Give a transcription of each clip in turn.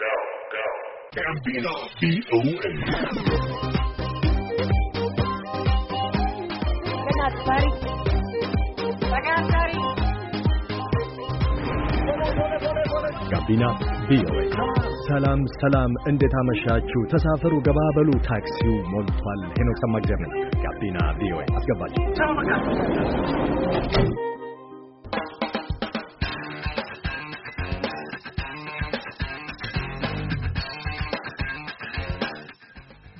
ጋቢና ቪኦኤ ጋቢና ቪኦኤ። ሰላም ሰላም፣ እንዴት አመሻችሁ? ተሳፈሩ፣ ገባበሉ፣ ታክሲው ሞልቷል። ሄኖክ ሰማእግዜር ነኝ። ጋቢና ቪኦኤ አስገባችሁ።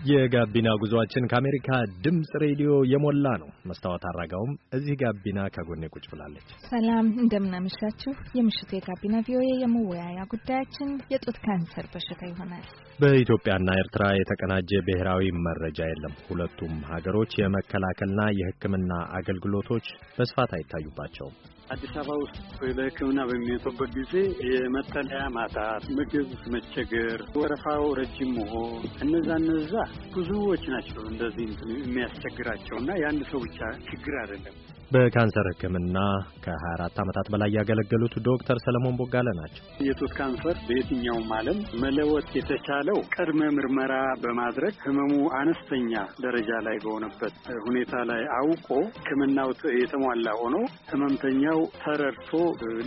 የጋቢና ጉዟችን ከአሜሪካ ድምፅ ሬዲዮ የሞላ ነው። መስታወት አራጋውም እዚህ ጋቢና ከጎኔ ቁጭ ብላለች። ሰላም እንደምናመሻችሁ። የምሽቱ የጋቢና ቪኦኤ የመወያያ ጉዳያችን የጡት ካንሰር በሽታ ይሆናል። በኢትዮጵያና ኤርትራ የተቀናጀ ብሔራዊ መረጃ የለም። ሁለቱም ሀገሮች የመከላከልና የሕክምና አገልግሎቶች በስፋት አይታዩባቸውም። አዲስ አበባ ውስጥ ለሕክምና በሚመጡበት ጊዜ የመጠለያ ማጣት፣ ምግብ መቸገር፣ ወረፋው ረጅም መሆን እነዛ እነዛ ብዙዎች ናቸው እንደዚህ የሚያስቸግራቸው እና የአንድ ሰው ብቻ ችግር አይደለም። በካንሰር ሕክምና ከ24 ዓመታት በላይ ያገለገሉት ዶክተር ሰለሞን ቦጋለ ናቸው። የጡት ካንሰር በየትኛውም ዓለም መለወጥ የተቻለው ቅድመ ምርመራ በማድረግ ህመሙ አነስተኛ ደረጃ ላይ በሆነበት ሁኔታ ላይ አውቆ ሕክምናው የተሟላ ሆኖ ህመምተኛው ተረድቶ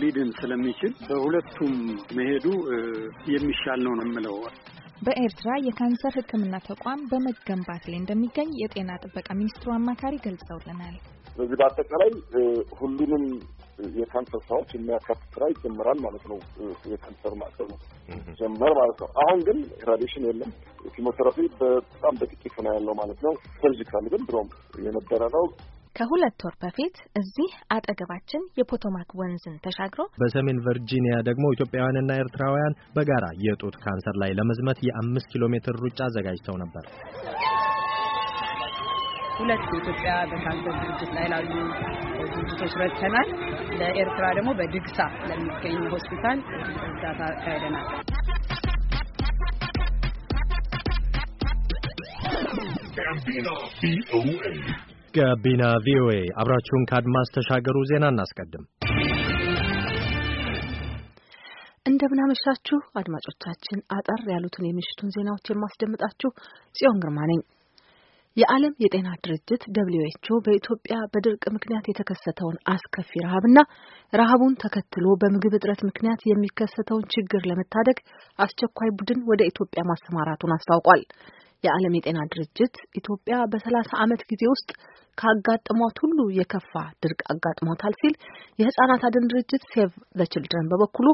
ሊድን ስለሚችል በሁለቱም መሄዱ የሚሻል ነው ነው የምለው። በኤርትራ የካንሰር ሕክምና ተቋም በመገንባት ላይ እንደሚገኝ የጤና ጥበቃ ሚኒስትሩ አማካሪ ገልጸውልናል። ስለዚህ በአጠቃላይ ሁሉንም የካንሰር ስራዎች የሚያካትት ስራ ይጀምራል ማለት ነው። የካንሰር ማዕከሉ ጀመር ማለት ነው። አሁን ግን ራዲሽን የለም። ኪሞቴራፒ በጣም በጥቂት ነው ያለው ማለት ነው። ሰርጂካል ግን ድሮም የነበረ ነው። ከሁለት ወር በፊት እዚህ አጠገባችን የፖቶማክ ወንዝን ተሻግሮ በሰሜን ቨርጂኒያ ደግሞ ኢትዮጵያውያንና ኤርትራውያን በጋራ የጡት ካንሰር ላይ ለመዝመት የአምስት ኪሎ ሜትር ሩጫ አዘጋጅተው ነበር። ሁለት የኢትዮጵያ በካንሰር ድርጅት ላይ ላሉ ድርጅቶች ረድተናል። ለኤርትራ ደግሞ በድግሳ ለሚገኝ ሆስፒታል እርዳታ ካሄደናል። ጋቢና ቪኦኤ አብራችሁን ከአድማስ ተሻገሩ። ዜና እናስቀድም። እንደምናመሻችሁ አድማጮቻችን፣ አጠር ያሉትን የምሽቱን ዜናዎች የማስደምጣችሁ ጽዮን ግርማ ነኝ። የዓለም የጤና ድርጅት ደብሊው ኤች ኦ በኢትዮጵያ በድርቅ ምክንያት የተከሰተውን አስከፊ ረሃብና ረሃቡን ተከትሎ በምግብ እጥረት ምክንያት የሚከሰተውን ችግር ለመታደግ አስቸኳይ ቡድን ወደ ኢትዮጵያ ማሰማራቱን አስታውቋል። የዓለም የጤና ድርጅት ኢትዮጵያ በሰላሳ ዓመት ጊዜ ውስጥ ካጋጥሟት ሁሉ የከፋ ድርቅ አጋጥሟታል ሲል የህጻናት አድን ድርጅት ሴቭ ዘ ችልድረን በበኩሉ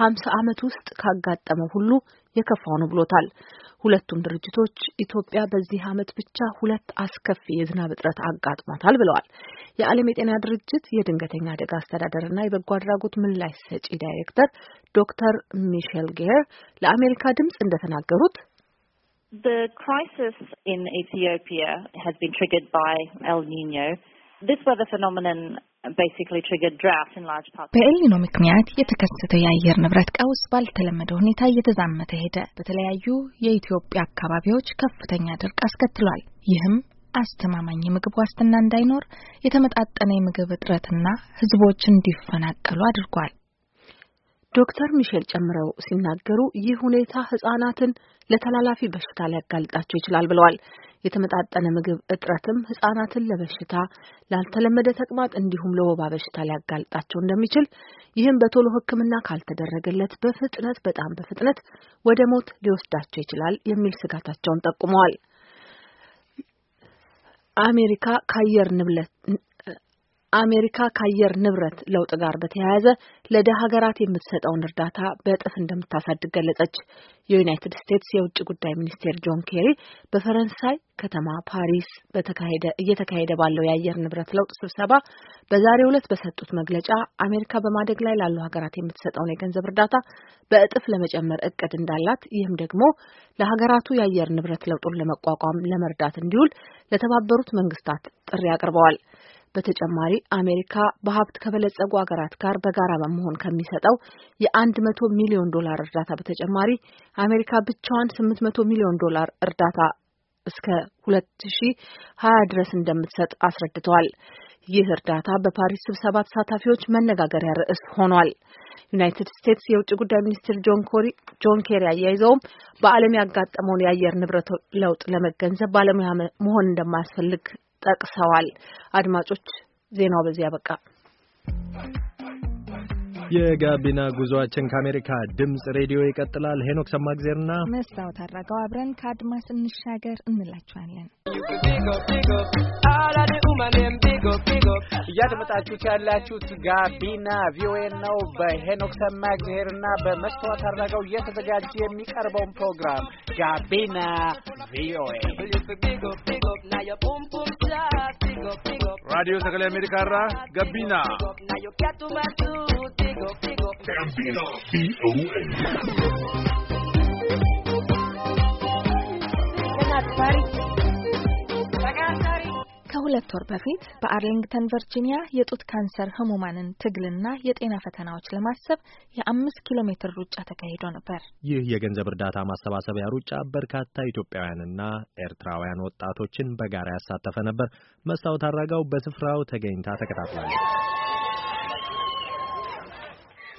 ሀምሳ ዓመት ውስጥ ካጋጠመው ሁሉ የከፋው ነው ብሎታል። ሁለቱም ድርጅቶች ኢትዮጵያ በዚህ ዓመት ብቻ ሁለት አስከፊ የዝናብ እጥረት አጋጥሟታል ብለዋል። የዓለም የጤና ድርጅት የድንገተኛ አደጋ አስተዳደርና የበጎ አድራጎት ምላሽ ሰጪ ዳይሬክተር ዶክተር ሚሼል ጌር ለአሜሪካ ድምፅ እንደተናገሩት The crisis in Ethiopia has been triggered by El Nino. This weather phenomenon በኤልኒኖ ምክንያት የተከሰተው የአየር ንብረት ቀውስ ባልተለመደ ሁኔታ እየተዛመተ ሄደ። በተለያዩ የኢትዮጵያ አካባቢዎች ከፍተኛ ድርቅ አስከትሏል። ይህም አስተማማኝ የምግብ ዋስትና እንዳይኖር፣ የተመጣጠነ የምግብ እጥረትና ህዝቦች እንዲፈናቀሉ አድርጓል። ዶክተር ሚሼል ጨምረው ሲናገሩ ይህ ሁኔታ ህጻናትን ለተላላፊ በሽታ ሊያጋልጣቸው ይችላል ብለዋል። የተመጣጠነ ምግብ እጥረትም ህጻናትን ለበሽታ ላልተለመደ ተቅማጥ እንዲሁም ለወባ በሽታ ሊያጋልጣቸው እንደሚችል ይህም በቶሎ ሕክምና ካልተደረገለት በፍጥነት በጣም በፍጥነት ወደ ሞት ሊወስዳቸው ይችላል የሚል ስጋታቸውን ጠቁመዋል። አሜሪካ ከአየር ንብረት አሜሪካ ከአየር ንብረት ለውጥ ጋር በተያያዘ ለደ ሀገራት የምትሰጠውን እርዳታ በእጥፍ እንደምታሳድግ ገለጸች። የዩናይትድ ስቴትስ የውጭ ጉዳይ ሚኒስቴር ጆን ኬሪ በፈረንሳይ ከተማ ፓሪስ በተካሄደ እየተካሄደ ባለው የአየር ንብረት ለውጥ ስብሰባ በዛሬው ዕለት በሰጡት መግለጫ አሜሪካ በማደግ ላይ ላሉ ሀገራት የምትሰጠውን የገንዘብ እርዳታ በእጥፍ ለመጨመር እቅድ እንዳላት ይህም ደግሞ ለሀገራቱ የአየር ንብረት ለውጡን ለመቋቋም ለመርዳት እንዲውል ለተባበሩት መንግስታት ጥሪ አቅርበዋል። በተጨማሪ አሜሪካ በሀብት ከበለጸጉ ሀገራት ጋር በጋራ በመሆን ከሚሰጠው የአንድ መቶ ሚሊዮን ዶላር እርዳታ በተጨማሪ አሜሪካ ብቻዋን ስምንት መቶ ሚሊዮን ዶላር እርዳታ እስከ ሁለት ሺ ሀያ ድረስ እንደምትሰጥ አስረድተዋል። ይህ እርዳታ በፓሪስ ስብሰባ ተሳታፊዎች መነጋገሪያ ርዕስ ሆኗል። ዩናይትድ ስቴትስ የውጭ ጉዳይ ሚኒስትር ጆን ኮሪ ጆን ኬሪ አያይዘውም በዓለም ያጋጠመውን የአየር ንብረት ለውጥ ለመገንዘብ ባለሙያ መሆን እንደማያስፈልግ ጠቅሰዋል። አድማጮች ዜናው በዚህ ያበቃ። የጋቢና ጉዞአችን ከአሜሪካ ድምፅ ሬዲዮ ይቀጥላል። ሄኖክ ሰማግዜርና መስታወት አድራጋው አብረን ከአድማስ እንሻገር እንላችኋለን። እያደመጣችሁት ያላችሁት ጋቢና ቪኦኤ ነው። በሄኖክ ሰማግዜርና በመስታወት አድራጋው እየተዘጋጀ የሚቀርበውን ፕሮግራም ጋቢና ቪኦኤ Radio Segala Amerika Ra Gabina Gabina B-O-A. VOA Selamat pagi ከሁለት ወር በፊት በአርሊንግተን ቨርጂኒያ የጡት ካንሰር ህሙማንን ትግልና የጤና ፈተናዎች ለማሰብ የአምስት ኪሎ ሜትር ሩጫ ተካሂዶ ነበር። ይህ የገንዘብ እርዳታ ማሰባሰቢያ ሩጫ በርካታ ኢትዮጵያውያንና ኤርትራውያን ወጣቶችን በጋራ ያሳተፈ ነበር። መስታወት አድራጋው በስፍራው ተገኝታ ተከታትላለች።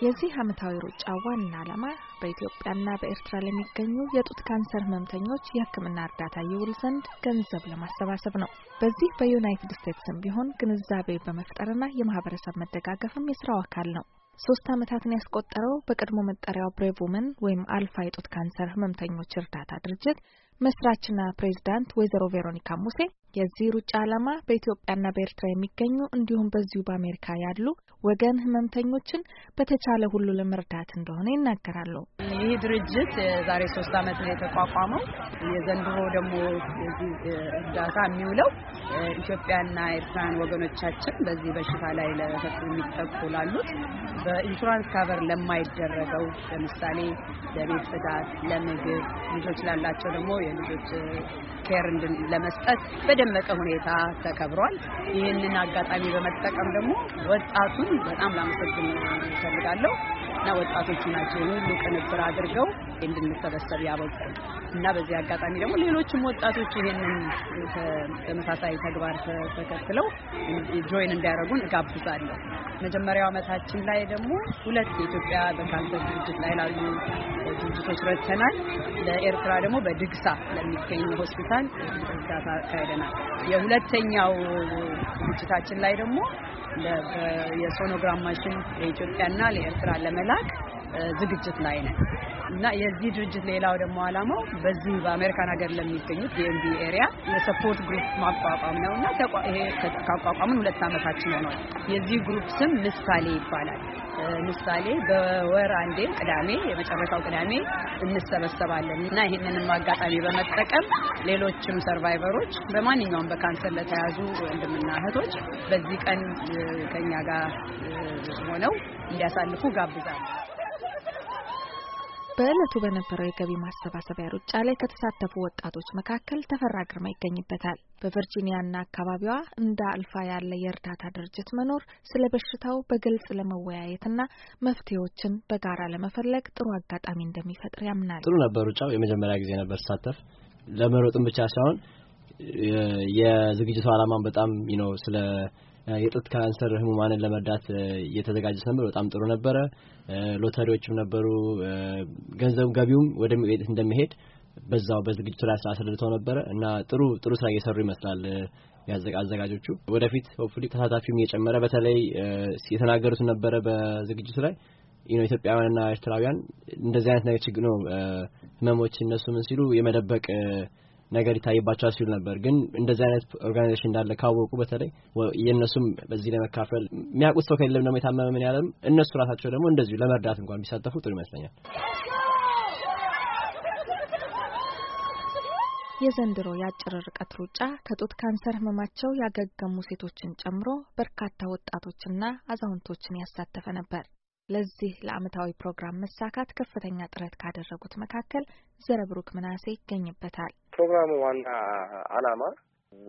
የዚህ ዓመታዊ ሩጫ ዋና ዓላማ በኢትዮጵያና በኤርትራ ለሚገኙ የጡት ካንሰር ህመምተኞች የሕክምና እርዳታ ይውል ዘንድ ገንዘብ ለማሰባሰብ ነው። በዚህ በዩናይትድ ስቴትስም ቢሆን ግንዛቤ በመፍጠርና የማህበረሰብ መደጋገፍም የስራው አካል ነው። ሶስት ዓመታትን ያስቆጠረው በቀድሞ መጠሪያው ብሬቭ ውመን ወይም አልፋ የጡት ካንሰር ህመምተኞች እርዳታ ድርጅት መስራችና ፕሬዚዳንት ወይዘሮ ቬሮኒካ ሙሴ የዚህ ሩጫ ዓላማ በኢትዮጵያና በኤርትራ የሚገኙ እንዲሁም በዚሁ በአሜሪካ ያሉ ወገን ህመምተኞችን በተቻለ ሁሉ ለመርዳት እንደሆነ ይናገራሉ። ይህ ድርጅት የዛሬ ሶስት ዓመት ነው የተቋቋመው። የዘንድሮ ደግሞ እርዳታ የሚውለው ኢትዮጵያና ኤርትራን ወገኖቻችን በዚህ በሽታ ላይ ለፈጡ የሚጠቁ ላሉት በኢንሹራንስ ካቨር ለማይደረገው ለምሳሌ ለቤት ጽዳት፣ ለምግብ ልጆች ላላቸው ደግሞ ለልጆች ኬር ለመስጠት በደመቀ ሁኔታ ተከብሯል። ይህንን አጋጣሚ በመጠቀም ደግሞ ወጣቱን በጣም ላመሰግን እፈልጋለሁ እና ወጣቶች ናቸው ሁሉ ቅንብር አድርገው እንድንሰበሰብ ያበቁ እና በዚህ አጋጣሚ ደግሞ ሌሎችም ወጣቶች ይህንን ተመሳሳይ ተግባር ተከትለው ጆይን እንዲያደርጉን እጋብዛለሁ። መጀመሪያው ዓመታችን ላይ ደግሞ ሁለት የኢትዮጵያ በካንሰር ድርጅት ላይ ላሉ ድርጅቶች ረድተናል። ለኤርትራ ደግሞ በድግሳ ለሚገኝ ሆስፒታል እርዳታ አካሄደናል። የሁለተኛው ድርጅታችን ላይ ደግሞ የሶኖግራም ማሽን ለኢትዮጵያና ለኤርትራ ለመላክ ዝግጅት ላይ ነን። እና የዚህ ድርጅት ሌላው ደግሞ አላማው በዚህ በአሜሪካን ሀገር ለሚገኙት የኤንቢ ኤሪያ የሰፖርት ግሩፕ ማቋቋም ነው እና ይሄ ካቋቋምን ሁለት ዓመታችን ሆኗል። የዚህ ግሩፕ ስም ምሳሌ ይባላል። ምሳሌ በወር አንዴ ቅዳሜ የመጨረሻው ቅዳሜ እንሰበሰባለን እና ይህንንም አጋጣሚ በመጠቀም ሌሎችም ሰርቫይቨሮች በማንኛውም በካንሰር ለተያዙ ወንድምና እህቶች በዚህ ቀን ከኛ ጋር ሆነው እንዲያሳልፉ ጋብዛለሁ። በዕለቱ በነበረው የገቢ ማሰባሰቢያ ሩጫ ላይ ከተሳተፉ ወጣቶች መካከል ተፈራ ግርማ ይገኝበታል። በቨርጂኒያና አካባቢዋ እንደ አልፋ ያለ የእርዳታ ድርጅት መኖር ስለ በሽታው በግልጽ ለመወያየትና መፍትሄዎችን በጋራ ለመፈለግ ጥሩ አጋጣሚ እንደሚፈጥር ያምናል። ጥሩ ነበር። ሩጫው የመጀመሪያ ጊዜ ነበር ሳተፍ ለመሮጥም ብቻ ሳይሆን የዝግጅቱ ዓላማን በጣም ነው ስለ የጡት ካንሰር ህሙማንን ለመርዳት እየተዘጋጀ ነበር። በጣም ጥሩ ነበረ። ሎተሪዎችም ነበሩ። ገንዘብ ገቢውም ወደ ቤት እንደሚሄድ በዛው በዝግጅቱ ላይ ስራ አስረድተው ነበረ እና ጥሩ ጥሩ ስራ እየሰሩ ይመስላል አዘጋጆቹ። ወደፊት ሆፕፉሊ ተሳታፊውም እየጨመረ በተለይ የተናገሩት ነበረ በዝግጅቱ ላይ ኢኖ ኢትዮጵያውያንና ኤርትራውያን እንደዚህ አይነት ነገር ችግር ነው ህመሞች እነሱ ምን ሲሉ የመደበቅ ነገር ይታይባቸዋል ሲሉ ነበር። ግን እንደዚህ አይነት ኦርጋናይዜሽን እንዳለ ካወቁ በተለይ የእነሱም በዚህ ለመካፈል የሚያውቁት ሰው ከሌለም ደግሞ የታመመ ምን ያለም እነሱ ራሳቸው ደግሞ እንደዚሁ ለመርዳት እንኳን ቢሳተፉ ጥሩ ይመስለኛል። የዘንድሮ የአጭር ርቀት ሩጫ ከጡት ካንሰር ህመማቸው ያገገሙ ሴቶችን ጨምሮ በርካታ ወጣቶችና አዛውንቶችን ያሳተፈ ነበር። ለዚህ ለአመታዊ ፕሮግራም መሳካት ከፍተኛ ጥረት ካደረጉት መካከል ዘረብሩክ ምናሴ ይገኝበታል። ፕሮግራሙ ዋና ዓላማ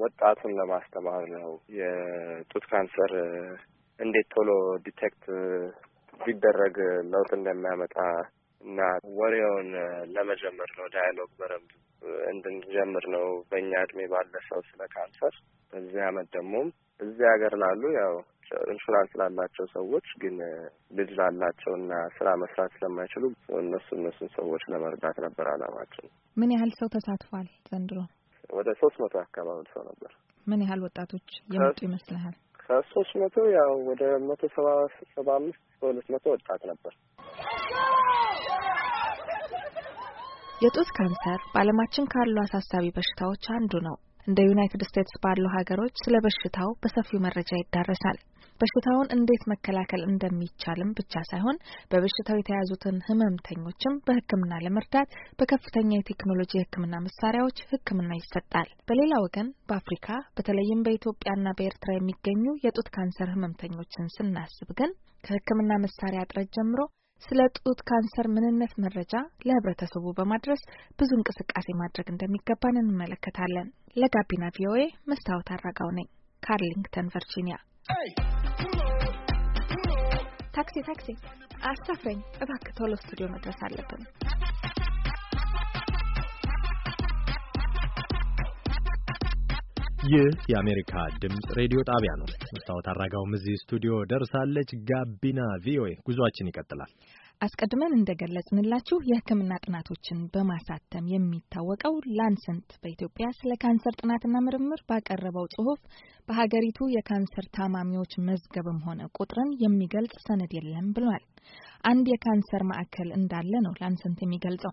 ወጣቱን ለማስተማር ነው። የጡት ካንሰር እንዴት ቶሎ ዲቴክት ቢደረግ ለውጥ እንደሚያመጣ እና ወሬውን ለመጀመር ነው። ዳያሎግ በረብ እንድንጀምር ነው። በእኛ እድሜ ባለ ሰው ስለ ካንሰር በዚህ አመት ደግሞ እዚህ ሀገር ላሉ ያው ኢንሹራንስ ላላቸው ሰዎች ግን ልጅ ላላቸውና ስራ መስራት ስለማይችሉ እነሱ እነሱን ሰዎች ለመርዳት ነበር አላማችን። ምን ያህል ሰው ተሳትፏል ዘንድሮ? ወደ ሶስት መቶ አካባቢ ሰው ነበር። ምን ያህል ወጣቶች የመጡ ይመስልሃል? ከሶስት መቶ ያው ወደ መቶ ሰባ ሰባ አምስት በሁለት መቶ ወጣት ነበር። የጡት ካንሰር በዓለማችን ካሉ አሳሳቢ በሽታዎች አንዱ ነው። እንደ ዩናይትድ ስቴትስ ባሉ ሀገሮች ስለ በሽታው በሰፊው መረጃ ይዳረሳል። በሽታውን እንዴት መከላከል እንደሚቻልም ብቻ ሳይሆን በበሽታው የተያዙትን ህመምተኞችም በህክምና ለመርዳት በከፍተኛ የቴክኖሎጂ ህክምና መሳሪያዎች ህክምና ይሰጣል። በሌላ ወገን በአፍሪካ በተለይም በኢትዮጵያና በኤርትራ የሚገኙ የጡት ካንሰር ህመምተኞችን ስናስብ ግን ከህክምና መሳሪያ እጥረት ጀምሮ ስለ ጡት ካንሰር ምንነት መረጃ ለህብረተሰቡ በማድረስ ብዙ እንቅስቃሴ ማድረግ እንደሚገባን እንመለከታለን። ለጋቢና ቪኦኤ መስታወት አራጋው ነኝ ካርሊንግተን ቨርጂኒያ። ታክሲ ታክሲ፣ አሳፍረኝ እባክህ፣ ቶሎ ስቱዲዮ መድረስ አለብን። ይህ የአሜሪካ ድምፅ ሬዲዮ ጣቢያ ነው። መስታወት አራጋውም እዚህ ስቱዲዮ ደርሳለች። ጋቢና ቪኦኤ ጉዟችን ይቀጥላል። አስቀድመን እንደገለጽንላችሁ የሕክምና ጥናቶችን በማሳተም የሚታወቀው ላንሰንት በኢትዮጵያ ስለ ካንሰር ጥናትና ምርምር ባቀረበው ጽሁፍ በሀገሪቱ የካንሰር ታማሚዎች መዝገብም ሆነ ቁጥርን የሚገልጽ ሰነድ የለም ብሏል። አንድ የካንሰር ማዕከል እንዳለ ነው ላንሰንት የሚገልጸው።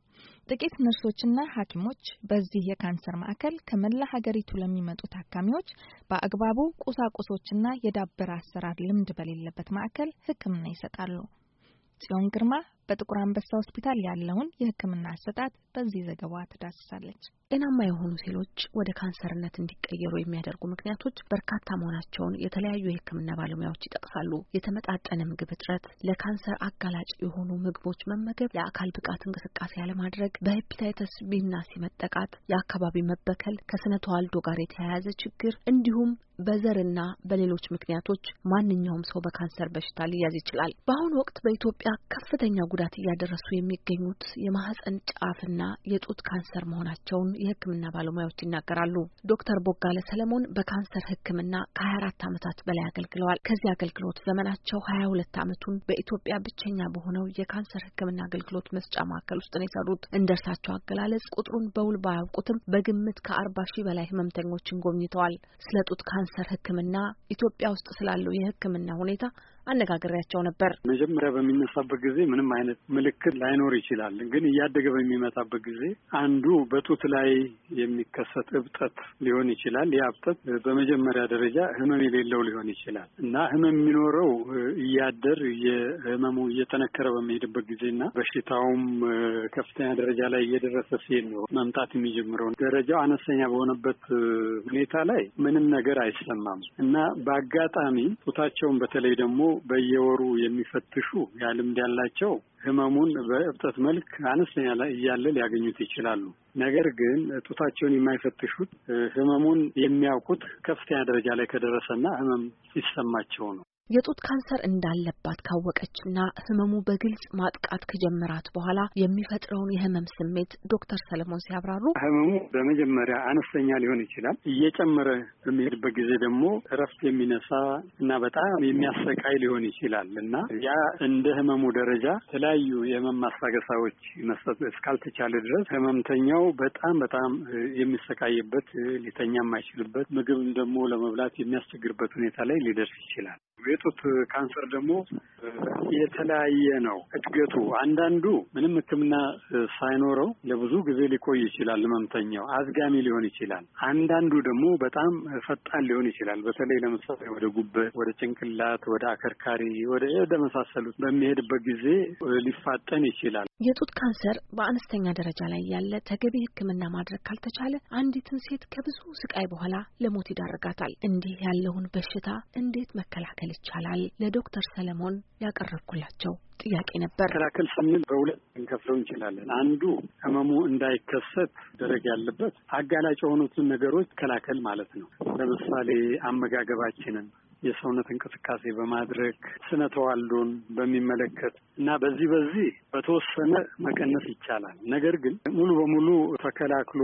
ጥቂት ነርሶችና ሐኪሞች በዚህ የካንሰር ማዕከል ከመላ ሀገሪቱ ለሚመጡ ታካሚዎች በአግባቡ ቁሳቁሶችና የዳበረ አሰራር ልምድ በሌለበት ማዕከል ሕክምና ይሰጣሉ። Зөһрә тирән በጥቁር አንበሳ ሆስፒታል ያለውን የሕክምና አሰጣጥ በዚህ ዘገባ ትዳስሳለች። ጤናማ የሆኑ ሴሎች ወደ ካንሰርነት እንዲቀየሩ የሚያደርጉ ምክንያቶች በርካታ መሆናቸውን የተለያዩ የሕክምና ባለሙያዎች ይጠቅሳሉ። የተመጣጠነ ምግብ እጥረት፣ ለካንሰር አጋላጭ የሆኑ ምግቦች መመገብ፣ የአካል ብቃት እንቅስቃሴ ያለማድረግ፣ በሄፒታይተስ ቢና መጠቃት፣ የአካባቢ መበከል፣ ከስነ ተዋልዶ ጋር የተያያዘ ችግር እንዲሁም በዘርና በሌሎች ምክንያቶች ማንኛውም ሰው በካንሰር በሽታ ሊያዝ ይችላል። በአሁኑ ወቅት በኢትዮጵያ ከፍተኛ ጉዳት እያደረሱ የሚገኙት የማህፀን ጫፍና የጡት ካንሰር መሆናቸውን የሕክምና ባለሙያዎች ይናገራሉ። ዶክተር ቦጋለ ሰለሞን በካንሰር ሕክምና ከ24 ዓመታት በላይ አገልግለዋል። ከዚህ አገልግሎት ዘመናቸው 22 ዓመቱን በኢትዮጵያ ብቸኛ በሆነው የካንሰር ሕክምና አገልግሎት መስጫ ማዕከል ውስጥ ነው የሰሩት። እንደ እርሳቸው አገላለጽ ቁጥሩን በውል ባያውቁትም በግምት ከ40 ሺህ በላይ ህመምተኞችን ጎብኝተዋል። ስለ ጡት ካንሰር ሕክምና ኢትዮጵያ ውስጥ ስላለው የሕክምና ሁኔታ አነጋግሬያቸው ነበር። መጀመሪያ በሚነሳበት ጊዜ ምንም አይነት ምልክት ላይኖር ይችላል። ግን እያደገ በሚመጣበት ጊዜ አንዱ በጡት ላይ የሚከሰት እብጠት ሊሆን ይችላል። ያ እብጠት በመጀመሪያ ደረጃ ህመም የሌለው ሊሆን ይችላል እና ህመም የሚኖረው እያደር የህመሙ እየጠነከረ በሚሄድበት ጊዜና በሽታውም ከፍተኛ ደረጃ ላይ እየደረሰ ሲሄድ ነው መምጣት የሚጀምረው። ደረጃው አነስተኛ በሆነበት ሁኔታ ላይ ምንም ነገር አይሰማም እና በአጋጣሚ ጡታቸውን በተለይ ደግሞ በየወሩ የሚፈትሹ ያ ልምድ ያላቸው ህመሙን በእብጠት መልክ አነስተኛ ላይ እያለ ሊያገኙት ይችላሉ። ነገር ግን ጡታቸውን የማይፈትሹት ህመሙን የሚያውቁት ከፍተኛ ደረጃ ላይ ከደረሰና ህመም ሲሰማቸው ነው። የጡት ካንሰር እንዳለባት ካወቀችና ህመሙ በግልጽ ማጥቃት ከጀመራት በኋላ የሚፈጥረውን የህመም ስሜት ዶክተር ሰለሞን ሲያብራሩ ህመሙ በመጀመሪያ አነስተኛ ሊሆን ይችላል። እየጨመረ በሚሄድበት ጊዜ ደግሞ እረፍት የሚነሳ እና በጣም የሚያሰቃይ ሊሆን ይችላል እና ያ እንደ ህመሙ ደረጃ የተለያዩ የህመም ማስታገሳዎች መስጠት እስካልተቻለ ድረስ ህመምተኛው በጣም በጣም የሚሰቃይበት ሊተኛ የማይችልበት ምግብ ደግሞ ለመብላት የሚያስቸግርበት ሁኔታ ላይ ሊደርስ ይችላል። የጡት ካንሰር ደግሞ የተለያየ ነው እድገቱ። አንዳንዱ ምንም ሕክምና ሳይኖረው ለብዙ ጊዜ ሊቆይ ይችላል። ህመምተኛው አዝጋሚ ሊሆን ይችላል። አንዳንዱ ደግሞ በጣም ፈጣን ሊሆን ይችላል። በተለይ ለምሳሌ ወደ ጉበት፣ ወደ ጭንቅላት፣ ወደ አከርካሪ፣ ወደ መሳሰሉት በሚሄድበት ጊዜ ሊፋጠን ይችላል። የጡት ካንሰር በአነስተኛ ደረጃ ላይ ያለ ተገቢ ሕክምና ማድረግ ካልተቻለ አንዲትን ሴት ከብዙ ስቃይ በኋላ ለሞት ይዳርጋታል። እንዲህ ያለውን በሽታ እንዴት መከላከል መከላከል ይቻላል? ለዶክተር ሰለሞን ያቀረብኩላቸው ጥያቄ ነበር። መከላከል ስንል በሁለት እንከፍለው እንችላለን። አንዱ ህመሙ እንዳይከሰት ደረግ ያለበት አጋላጭ የሆኑትን ነገሮች ከላከል ማለት ነው። ለምሳሌ አመጋገባችንን የሰውነት እንቅስቃሴ በማድረግ ስነ ተዋልዶን በሚመለከት እና በዚህ በዚህ በተወሰነ መቀነስ ይቻላል። ነገር ግን ሙሉ በሙሉ ተከላክሎ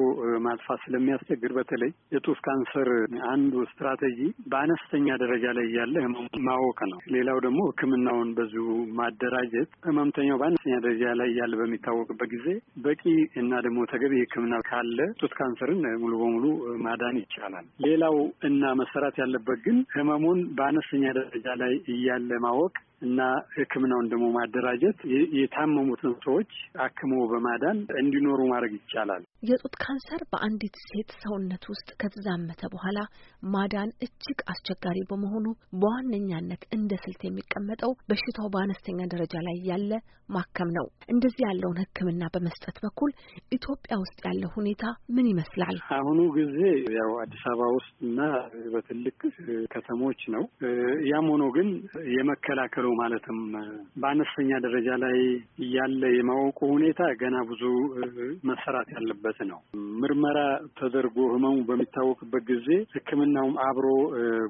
ማጥፋት ስለሚያስቸግር በተለይ የጡት ካንሰር አንዱ ስትራቴጂ በአነስተኛ ደረጃ ላይ ያለ ህመሙ ማወቅ ነው። ሌላው ደግሞ ሕክምናውን በዚሁ ማደራጀት ህመምተኛው በአነስተኛ ደረጃ ላይ ያለ በሚታወቅበት ጊዜ በቂ እና ደግሞ ተገቢ ሕክምና ካለ ጡት ካንሰርን ሙሉ በሙሉ ማዳን ይቻላል። ሌላው እና መሰራት ያለበት ግን ህመሙን በአነስተኛ ደረጃ ላይ እያለ ማወቅ እና ሕክምናውን ደግሞ ማደራጀት የታመሙትን ሰዎች አክሞ በማዳን እንዲኖሩ ማድረግ ይቻላል። የጡት ካንሰር በአንዲት ሴት ሰውነት ውስጥ ከተዛመተ በኋላ ማዳን እጅግ አስቸጋሪ በመሆኑ በዋነኛነት እንደ ስልት የሚቀመጠው በሽታው በአነስተኛ ደረጃ ላይ ያለ ማከም ነው። እንደዚህ ያለውን ሕክምና በመስጠት በኩል ኢትዮጵያ ውስጥ ያለው ሁኔታ ምን ይመስላል? አሁኑ ጊዜ ያው አዲስ አበባ ውስጥ እና በትልቅ ከተሞች ነው። ያም ሆኖ ግን የመከላከሉ የነበረው ማለትም በአነስተኛ ደረጃ ላይ ያለ የማወቁ ሁኔታ ገና ብዙ መሰራት ያለበት ነው። ምርመራ ተደርጎ ህመሙ በሚታወቅበት ጊዜ ሕክምናውም አብሮ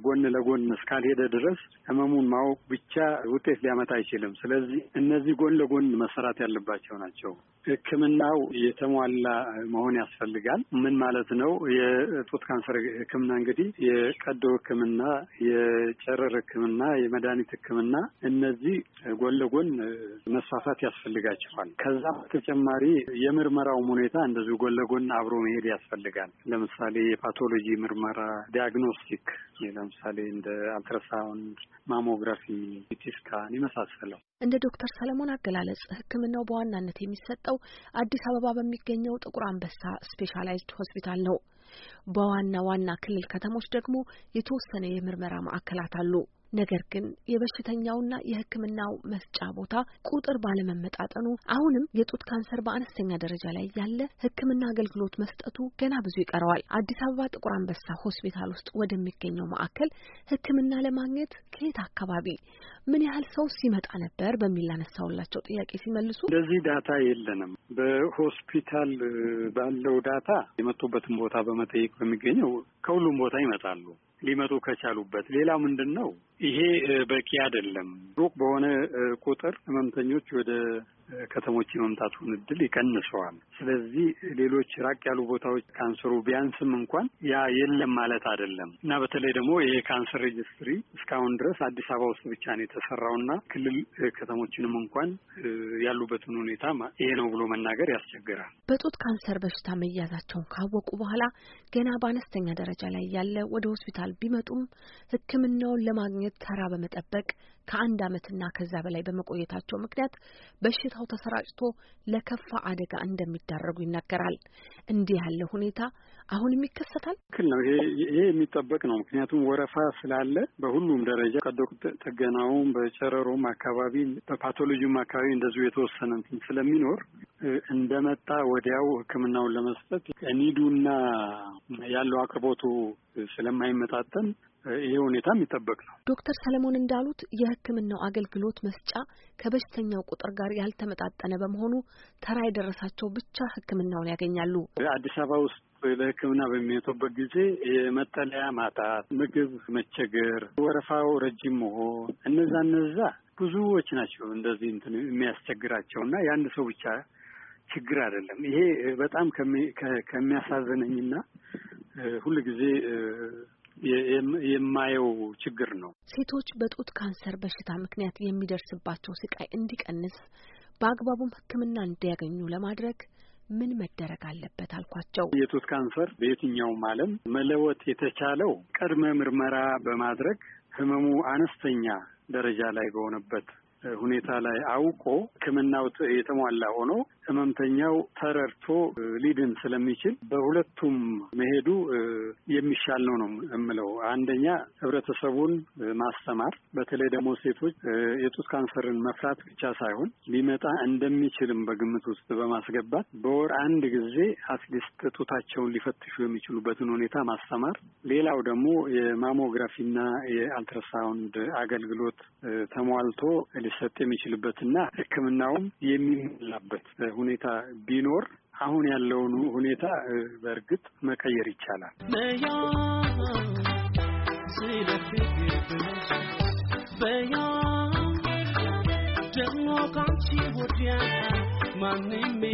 ጎን ለጎን እስካልሄደ ድረስ ህመሙን ማወቅ ብቻ ውጤት ሊያመጣ አይችልም። ስለዚህ እነዚህ ጎን ለጎን መሰራት ያለባቸው ናቸው። ሕክምናው የተሟላ መሆን ያስፈልጋል። ምን ማለት ነው? የጡት ካንሰር ሕክምና እንግዲህ የቀዶ ሕክምና፣ የጨረር ሕክምና፣ የመድኃኒት ሕክምና እነዚህ ጎን ለጎን መስፋፋት ያስፈልጋቸዋል። ከዛ በተጨማሪ የምርመራውም ሁኔታ እንደዚሁ ጎን ለጎን አብሮ መሄድ ያስፈልጋል። ለምሳሌ የፓቶሎጂ ምርመራ ዲያግኖስቲክ፣ ለምሳሌ እንደ አልትራሳውንድ፣ ማሞግራፊ፣ ቲስካን የመሳሰለው እንደ ዶክተር ሰለሞን አገላለጽ ሕክምናው በዋናነት የሚሰጠው አዲስ አበባ በሚገኘው ጥቁር አንበሳ ስፔሻላይዝድ ሆስፒታል ነው። በዋና ዋና ክልል ከተሞች ደግሞ የተወሰነ የምርመራ ማዕከላት አሉ። ነገር ግን የበሽተኛውና የሕክምናው መስጫ ቦታ ቁጥር ባለመመጣጠኑ አሁንም የጡት ካንሰር በአነስተኛ ደረጃ ላይ ያለ ሕክምና አገልግሎት መስጠቱ ገና ብዙ ይቀረዋል። አዲስ አበባ ጥቁር አንበሳ ሆስፒታል ውስጥ ወደሚገኘው ማዕከል ሕክምና ለማግኘት ከየት አካባቢ ምን ያህል ሰው ሲመጣ ነበር በሚል ላነሳውላቸው ጥያቄ ሲመልሱ እንደዚህ ዳታ የለንም። በሆስፒታል ባለው ዳታ የመጡበትን ቦታ በመጠየቅ በሚገኘው ከሁሉም ቦታ ይመጣሉ ሊመጡ ከቻሉበት። ሌላ ምንድን ነው ይሄ በቂ አይደለም። ሩቅ በሆነ ቁጥር ህመምተኞች ወደ ከተሞች የመምጣቱን እድል ይቀንሰዋል። ስለዚህ ሌሎች ራቅ ያሉ ቦታዎች ካንሰሩ ቢያንስም እንኳን ያ የለም ማለት አይደለም እና በተለይ ደግሞ ይሄ ካንሰር ሬጅስትሪ እስካሁን ድረስ አዲስ አበባ ውስጥ ብቻ ነው የተሰራው እና ክልል ከተሞችንም እንኳን ያሉበትን ሁኔታ ይሄ ነው ብሎ መናገር ያስቸግራል። በጡት ካንሰር በሽታ መያዛቸውን ካወቁ በኋላ ገና በአነስተኛ ደረጃ ላይ ያለ ወደ ሆስፒታል ቢመጡም ህክምናውን ለማግኘት ለማግኘት ተራ በመጠበቅ ከአንድ ዓመትና ከዛ በላይ በመቆየታቸው ምክንያት በሽታው ተሰራጭቶ ለከፋ አደጋ እንደሚዳረጉ ይናገራል። እንዲህ ያለ ሁኔታ አሁንም ይከሰታል። ትክክል ነው። ይሄ የሚጠበቅ ነው። ምክንያቱም ወረፋ ስላለ በሁሉም ደረጃ ቀዶ ጥገናውም፣ በጨረሮም አካባቢ፣ በፓቶሎጂም አካባቢ እንደዚሁ የተወሰነ እንትን ስለሚኖር እንደመጣ ወዲያው ሕክምናውን ለመስጠት ኒዱና ያለው አቅርቦቱ ስለማይመጣጠን ይሄ ሁኔታ የሚጠበቅ ነው። ዶክተር ሰለሞን እንዳሉት የሕክምናው አገልግሎት መስጫ ከበሽተኛው ቁጥር ጋር ያልተመጣጠነ በመሆኑ ተራ የደረሳቸው ብቻ ሕክምናውን ያገኛሉ። አዲስ አበባ ውስጥ ለሕክምና በሚሄጡበት ጊዜ የመጠለያ ማጣት፣ ምግብ መቸገር፣ ወረፋው ረጅም መሆን እነዛ እነዛ ብዙዎች ናቸው እንደዚህ እንትን የሚያስቸግራቸው እና የአንድ ሰው ብቻ ችግር አይደለም። ይሄ በጣም ከሚያሳዝነኝና ሁል ጊዜ የማየው ችግር ነው። ሴቶች በጡት ካንሰር በሽታ ምክንያት የሚደርስባቸው ስቃይ እንዲቀንስ በአግባቡም ሕክምና እንዲያገኙ ለማድረግ ምን መደረግ አለበት አልኳቸው። የጡት ካንሰር በየትኛውም ዓለም መለወጥ የተቻለው ቅድመ ምርመራ በማድረግ ህመሙ አነስተኛ ደረጃ ላይ በሆነበት ሁኔታ ላይ አውቆ ሕክምናው የተሟላ ሆኖ ህመምተኛው ተረድቶ ሊድን ስለሚችል በሁለቱም መሄዱ የሚሻል ነው ነው የምለው። አንደኛ ህብረተሰቡን ማስተማር፣ በተለይ ደግሞ ሴቶች የጡት ካንሰርን መፍራት ብቻ ሳይሆን ሊመጣ እንደሚችልም በግምት ውስጥ በማስገባት በወር አንድ ጊዜ አትሊስት ጡታቸውን ሊፈትሹ የሚችሉበትን ሁኔታ ማስተማር። ሌላው ደግሞ የማሞግራፊና የአልትራሳውንድ አገልግሎት ተሟልቶ ሊሰጥ የሚችልበትና ህክምናውም የሚሞላበት ሁኔታ ቢኖር አሁን ያለውን ሁኔታ በእርግጥ መቀየር ይቻላል። Manim me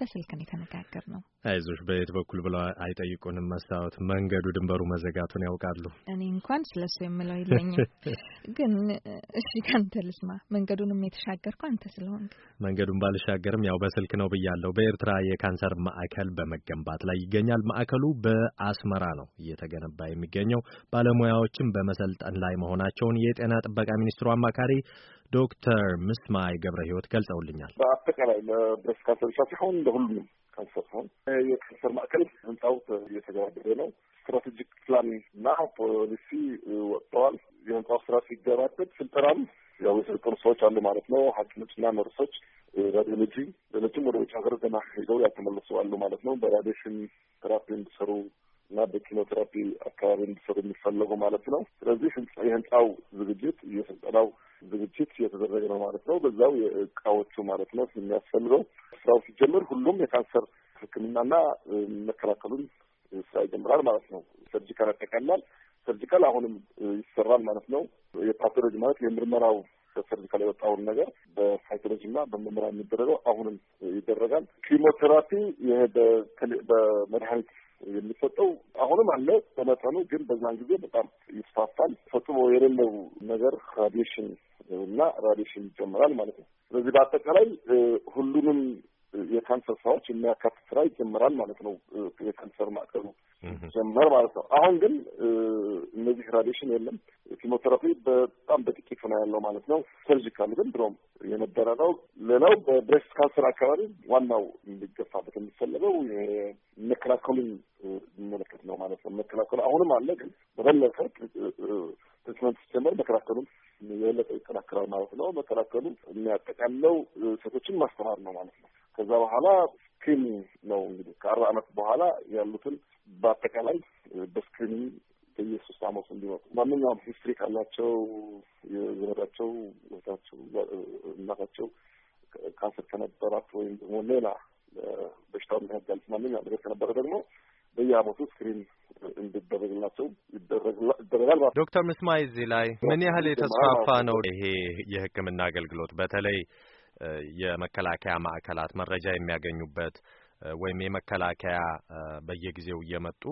በስልክን የተነጋገር ነው። አይዞሽ በየት በኩል ብለው አይጠይቁንም። መስታወት መንገዱ ድንበሩ መዘጋቱን ያውቃሉ። እኔ እንኳን ስለሱ የምለው የለኝም። ግን እሺ ከአንተ ልስማ። መንገዱንም የተሻገርኩ አንተ ስለሆንክ መንገዱን ባልሻገርም ያው በስልክ ነው ብያለሁ። በኤርትራ የካንሰር ማዕከል በመገንባት ላይ ይገኛል። ማዕከሉ በአስመራ ነው እየተገነባ የሚገኘው። ባለሙያዎችም በመሰልጠን ላይ መሆናቸውን የጤና ጥበቃ ሚኒስትሩ አማካሪ ዶክተር ምስማይ ገብረ ህይወት ገልጸውልኛል። በአጠቃላይ ለብረስ ካንሰር ብቻ ሲሆን ለሁሉም ካንሰር ሲሆን የካንሰር ማዕከል ህንጻው እየተገባደደ ነው። ስትራቴጂክ ፕላን እና ፖሊሲ ወጥተዋል። የህንጻው ስራ ሲገባደድ ስልጠናም ያው የሰልጠኑ ሰዎች አሉ ማለት ነው። ሐኪሞችና ነርሶች ራዲዮሎጂ፣ ሌሎችም ወደ ውጭ ሀገር ገና ሄደው ያልተመለሱ አሉ ማለት ነው። በራዲሽን ቴራፒ እንዲሰሩ እና በኪሞቴራፒ አካባቢ እንዲሰሩ የሚፈለጉ ማለት ነው። ስለዚህ የህንፃው ዝግጅት የስልጠናው ዝግጅት እየተደረገ ነው ማለት ነው። በዛው የእቃዎቹ ማለት ነው የሚያስፈልገው ስራው ሲጀምር ሁሉም የካንሰር ሕክምናና መከላከሉን ስራ ይጀምራል ማለት ነው። ሰርጂካል ያጠቃላል። ሰርጂካል አሁንም ይሰራል ማለት ነው። የፓቶሎጂ ማለት የምርመራው ከሰርጂካል የወጣውን ነገር በሳይኮሎጂና በምርመራ የሚደረገው አሁንም ይደረጋል። ኪሞቴራፒ ይሄ በመድኃኒት የሚሰጠው አሁንም አለ በመጠኑ ግን በዛን ጊዜ በጣም ይስፋፋል። ፈጽሞ የሌለው ነገር ራዲሽን እና ራዲሽን ይጀምራል ማለት ነው። ስለዚህ በአጠቃላይ ሁሉንም የካንሰር ስራዎች የሚያካት ስራ ይጀምራል ማለት ነው። የካንሰር ማዕከሉ ጀመር ማለት ነው። አሁን ግን እነዚህ ራዲሽን የለም። ኪሞቴራፒ በጣም በጥቂቱ ነው ያለው ማለት ነው። ሰርጂካል ግን ድሮም የነበረ ነው። ሌላው በብሬስት ካንሰር አካባቢ ዋናው እንዲገፋበት የሚፈለገው የመከላከሉን የሚመለከት ነው ማለት ነው። መከላከሉ አሁንም አለ፣ ግን በበለጠ ትሪትመንት ሲጀመር መከላከሉ የበለጠ ይጠናከራል ማለት ነው። መከላከሉ የሚያጠቃለው ሴቶችን ማስተማር ነው ማለት ነው። ከዛ በኋላ ስክሪኒንግ ነው እንግዲህ ከአርባ ዓመት በኋላ ያሉትን በአጠቃላይ በስክሪኒንግ በየሶስት አመቱ እንዲመጡ ማንኛውም ሂስትሪ ካላቸው የዘመዳቸው ወታቸው እናታቸው ካንሰር ከነበራት ወይም ደግሞ ሌላ በሽታው የሚያጋልጽ ማንኛውም ነገር ከነበረ ደግሞ በየአመቱ ስክሪን እንዲደረግላቸው ይደረጋል። ዶክተር ምስማይ እዚህ ላይ ምን ያህል የተስፋፋ ነው ይሄ የህክምና አገልግሎት በተለይ የመከላከያ ማዕከላት መረጃ የሚያገኙበት ወይም የመከላከያ በየጊዜው እየመጡ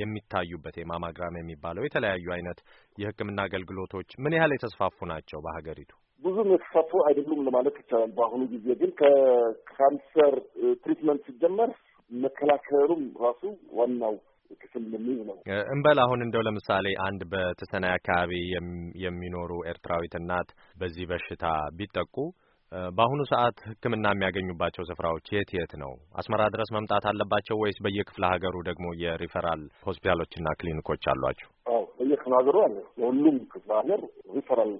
የሚታዩበት የማማግራም የሚባለው የተለያዩ አይነት የህክምና አገልግሎቶች ምን ያህል የተስፋፉ ናቸው በሀገሪቱ? ብዙም የተስፋፉ አይደሉም ለማለት ይቻላል። በአሁኑ ጊዜ ግን ከካንሰር ትሪትመንት ሲጀመር መከላከሉም ራሱ ዋናው ክፍል የሚል ነው። እንበል አሁን እንደው ለምሳሌ አንድ በተሰናይ አካባቢ የሚኖሩ ኤርትራዊት እናት በዚህ በሽታ ቢጠቁ በአሁኑ ሰዓት ሕክምና የሚያገኙባቸው ስፍራዎች የት የት ነው? አስመራ ድረስ መምጣት አለባቸው ወይስ በየክፍለ ሀገሩ ደግሞ የሪፈራል ሆስፒታሎችና ክሊኒኮች አሏቸው? አዎ በየክፍለ ሀገሩ አለ። የሁሉም ክፍለ ሀገር ሪፈራል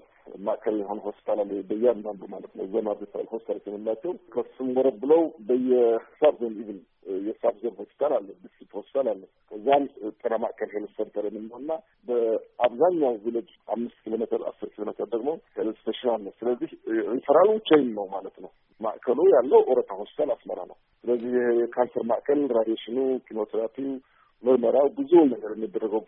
ማዕከል የሆነ ሆስፒታል አለ። በእያንዳንዱ ማለት ነው ዘማ ሪፈራል ሆስፒታሎች የምንላቸው ከሱም ወረድ ብለው በየሳርዘን ኢቭን የሳብዞን ሆስፒታል አለ፣ ዲስትሪክት ሆስፒታል አለ። ከዛም ጤና ማዕከል ሄልት ሰንተር የምንለው እና በአብዛኛው ቪሌጅ አምስት ኪሎ ሜትር አስር ኪሎ ሜትር ደግሞ ሄልት ስቴሽን አለ። ስለዚህ ሪፈራሉ ቼይን ነው ማለት ነው። ማዕከሉ ያለው ኦረታ ሆስፒታል አስመራ ነው። ስለዚህ የካንሰር ማዕከል ራዲሽኑ፣ ኪሞቴራፒው፣ ምርመራው ብዙ ነገር የሚደረገው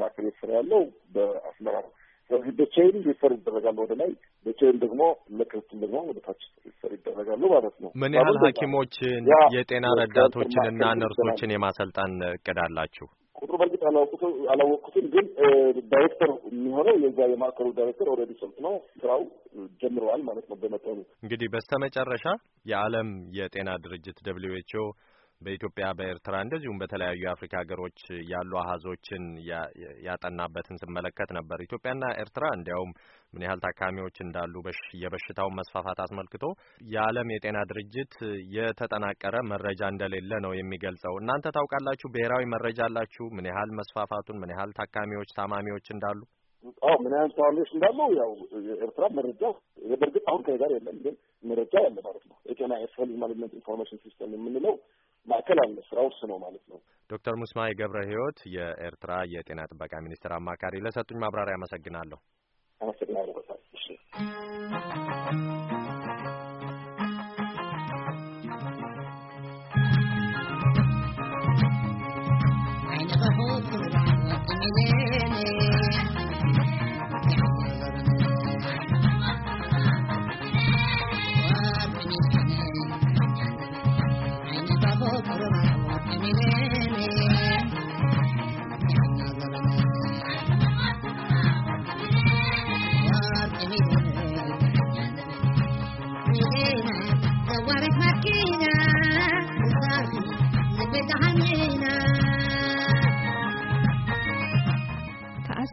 ማዕከል የተሰራ ያለው በአስመራ ነው። ስለዚህ በቼይን ሪፈር ይደረጋል ወደ ላይ፣ በቼይን ደግሞ ለክርትን ደግሞ ወደ ታች ቁጥጥር ይደረጋሉ ማለት ነው። ምን ያህል ሐኪሞችን የጤና ረዳቶችን እና ነርሶችን የማሰልጣን እቅድ አላችሁ? ቁጥሩ በእርግጥ አላወቅኩትም፣ ግን ዳይሬክተር የሚሆነው የዛ የማዕከሉ ዳይሬክተር ኦልሬዲ ሰልጥነው ስራው ጀምረዋል ማለት ነው። በመጠኑ እንግዲህ በስተመጨረሻ የዓለም የጤና ድርጅት ደብሊው ኤች ኦ በኢትዮጵያ በኤርትራ እንደዚሁም በተለያዩ የአፍሪካ ሀገሮች ያሉ አሀዞችን ያጠናበትን ስመለከት ነበር። ኢትዮጵያና ኤርትራ እንዲያውም ምን ያህል ታካሚዎች እንዳሉ የበሽታውን መስፋፋት አስመልክቶ የዓለም የጤና ድርጅት የተጠናቀረ መረጃ እንደሌለ ነው የሚገልጸው። እናንተ ታውቃላችሁ? ብሔራዊ መረጃ አላችሁ? ምን ያህል መስፋፋቱን፣ ምን ያህል ታካሚዎች ታማሚዎች እንዳሉ? አዎ ምን ያህል ታማሚዎች እንዳሉ ያው ኤርትራ መረጃ በእርግጥ አሁን ከኔ ጋር የለም፣ ግን መረጃ ያለ ማለት ነው። የጤና ኤርትራ ማኔጅመንት ኢንፎርሜሽን ሲስተም የምንለው መካከል አለ። ስራ ውስጥ ነው ማለት ነው። ዶክተር ሙስማይ ገብረ ህይወት የኤርትራ የጤና ጥበቃ ሚኒስትር አማካሪ፣ ለሰጡኝ ማብራሪያ አመሰግናለሁ። አመሰግናለሁ።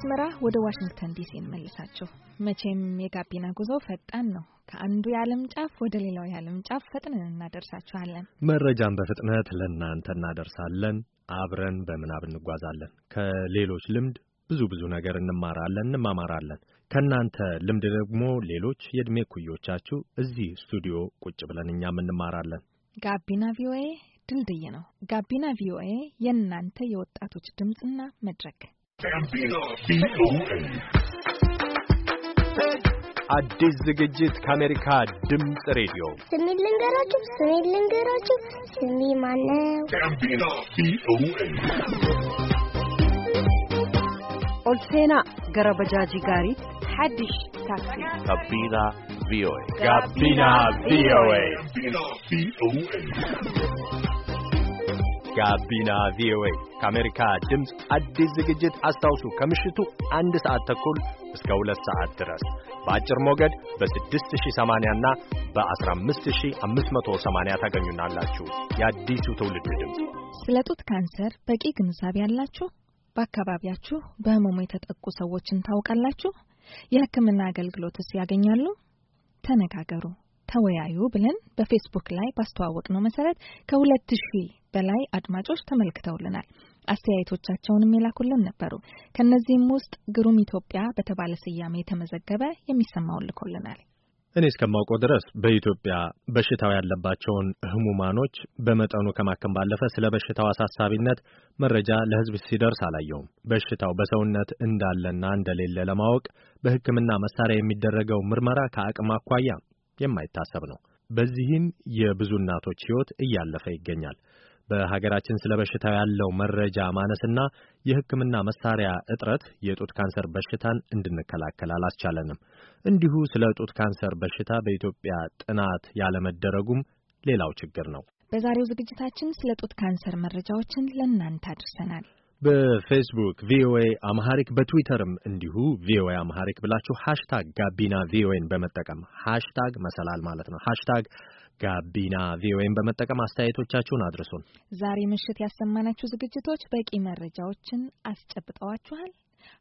ከአስመራ ወደ ዋሽንግተን ዲሲ እንመልሳችሁ። መቼም የጋቢና ጉዞ ፈጣን ነው። ከአንዱ የዓለም ጫፍ ወደ ሌላው የዓለም ጫፍ ፈጥነን እናደርሳችኋለን። መረጃን በፍጥነት ለእናንተ እናደርሳለን። አብረን በምናብ እንጓዛለን። ከሌሎች ልምድ ብዙ ብዙ ነገር እንማራለን፣ እንማማራለን። ከእናንተ ልምድ ደግሞ ሌሎች የእድሜ ኩዮቻችሁ እዚህ ስቱዲዮ ቁጭ ብለን እኛም እንማራለን። ጋቢና ቪኦኤ ድልድይ ነው። ጋቢና ቪኦኤ የእናንተ የወጣቶች ድምፅና መድረክ አዲስ ዝግጅት ከአሜሪካ ድምፅ ሬዲዮ። ስሜ ልንገራችሁ፣ ስሜ ልንገራችሁ፣ ስሜ ማነው? ኦልሴና ገረበጃጂ ጋሪት ሓድሽ ታክሲ ጋቢና ቪኦኤ ጋቢና ቪኦኤ ጋቢና ቪኦኤ ከአሜሪካ ድምፅ አዲስ ዝግጅት አስታውሱ። ከምሽቱ አንድ ሰዓት ተኩል እስከ ሁለት ሰዓት ድረስ በአጭር ሞገድ በ6080 እና በ15580 ታገኙናላችሁ። የአዲሱ ትውልድ ድምፅ። ስለ ጡት ካንሰር በቂ ግንዛቤ ያላችሁ፣ በአካባቢያችሁ በህመሙ የተጠቁ ሰዎችን ታውቃላችሁ? የህክምና አገልግሎትስ ያገኛሉ? ተነጋገሩ ተወያዩ ብለን በፌስቡክ ላይ ባስተዋወቅ ነው መሰረት ከሁለት ሺህ በላይ አድማጮች ተመልክተውልናል። አስተያየቶቻቸውንም የላኩልን ነበሩ። ከእነዚህም ውስጥ ግሩም ኢትዮጵያ በተባለ ስያሜ የተመዘገበ የሚሰማውን ልኮልናል። እኔ እስከማውቀው ድረስ በኢትዮጵያ በሽታው ያለባቸውን ህሙማኖች በመጠኑ ከማከም ባለፈ ስለ በሽታው አሳሳቢነት መረጃ ለህዝብ ሲደርስ አላየውም። በሽታው በሰውነት እንዳለና እንደሌለ ለማወቅ በሕክምና መሳሪያ የሚደረገው ምርመራ ከአቅም አኳያ የማይታሰብ ነው። በዚህም የብዙ እናቶች ሕይወት እያለፈ ይገኛል። በሀገራችን ስለ በሽታው ያለው መረጃ ማነስና የሕክምና መሳሪያ እጥረት የጡት ካንሰር በሽታን እንድንከላከል አላስቻለንም። እንዲሁ ስለ ጡት ካንሰር በሽታ በኢትዮጵያ ጥናት ያለመደረጉም ሌላው ችግር ነው። በዛሬው ዝግጅታችን ስለ ጡት ካንሰር መረጃዎችን ለእናንተ አድርሰናል። በፌስቡክ ቪኦኤ አምሃሪክ በትዊተርም እንዲሁ ቪኦኤ አምሃሪክ ብላችሁ ሃሽታግ ጋቢና ቪኦኤን በመጠቀም ሃሽታግ መሰላል ማለት ነው ሃሽታግ ጋቢና ቪኦኤን በመጠቀም አስተያየቶቻችሁን አድርሱን። ዛሬ ምሽት ያሰማናችሁ ዝግጅቶች በቂ መረጃዎችን አስጨብጠዋችኋል።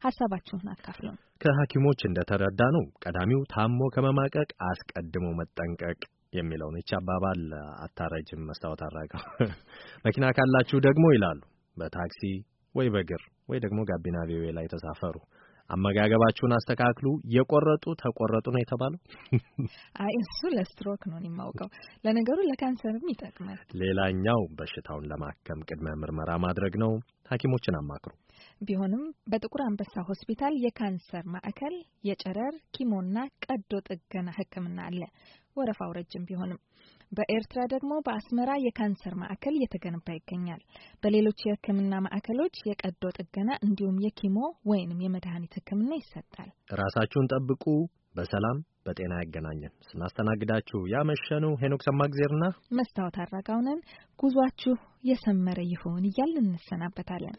ሀሳባችሁን አካፍሉን። ከሐኪሞች እንደተረዳ ነው ቀዳሚው ታሞ ከመማቀቅ አስቀድሞ መጠንቀቅ የሚለውን ይቺ አባባል አታረጅም። መስታወት አራጋው መኪና ካላችሁ ደግሞ ይላሉ በታክሲ ወይ በእግር ወይ ደግሞ ጋቢና ቪኦኤ ላይ ተሳፈሩ። አመጋገባችሁን አስተካክሉ። የቆረጡ ተቆረጡ ነው የተባለው። አይ እሱ ለስትሮክ ነው የማውቀው። ለነገሩ ለካንሰርም ይጠቅማል። ሌላኛው በሽታውን ለማከም ቅድመ ምርመራ ማድረግ ነው። ሐኪሞችን አማክሩ። ቢሆንም በጥቁር አንበሳ ሆስፒታል የካንሰር ማዕከል የጨረር ኪሞና ቀዶ ጥገና ሕክምና አለ። ወረፋው ረጅም ቢሆንም በኤርትራ ደግሞ በአስመራ የካንሰር ማዕከል እየተገነባ ይገኛል። በሌሎች የሕክምና ማዕከሎች የቀዶ ጥገና እንዲሁም የኪሞ ወይንም የመድኃኒት ሕክምና ይሰጣል። ራሳችሁን ጠብቁ። በሰላም በጤና ያገናኘን። ስናስተናግዳችሁ ያመሸኑ ሄኖክ ሰማግዜርና መስታወት አራጋውነን ጉዟችሁ የሰመረ ይሁን እያልን እንሰናበታለን።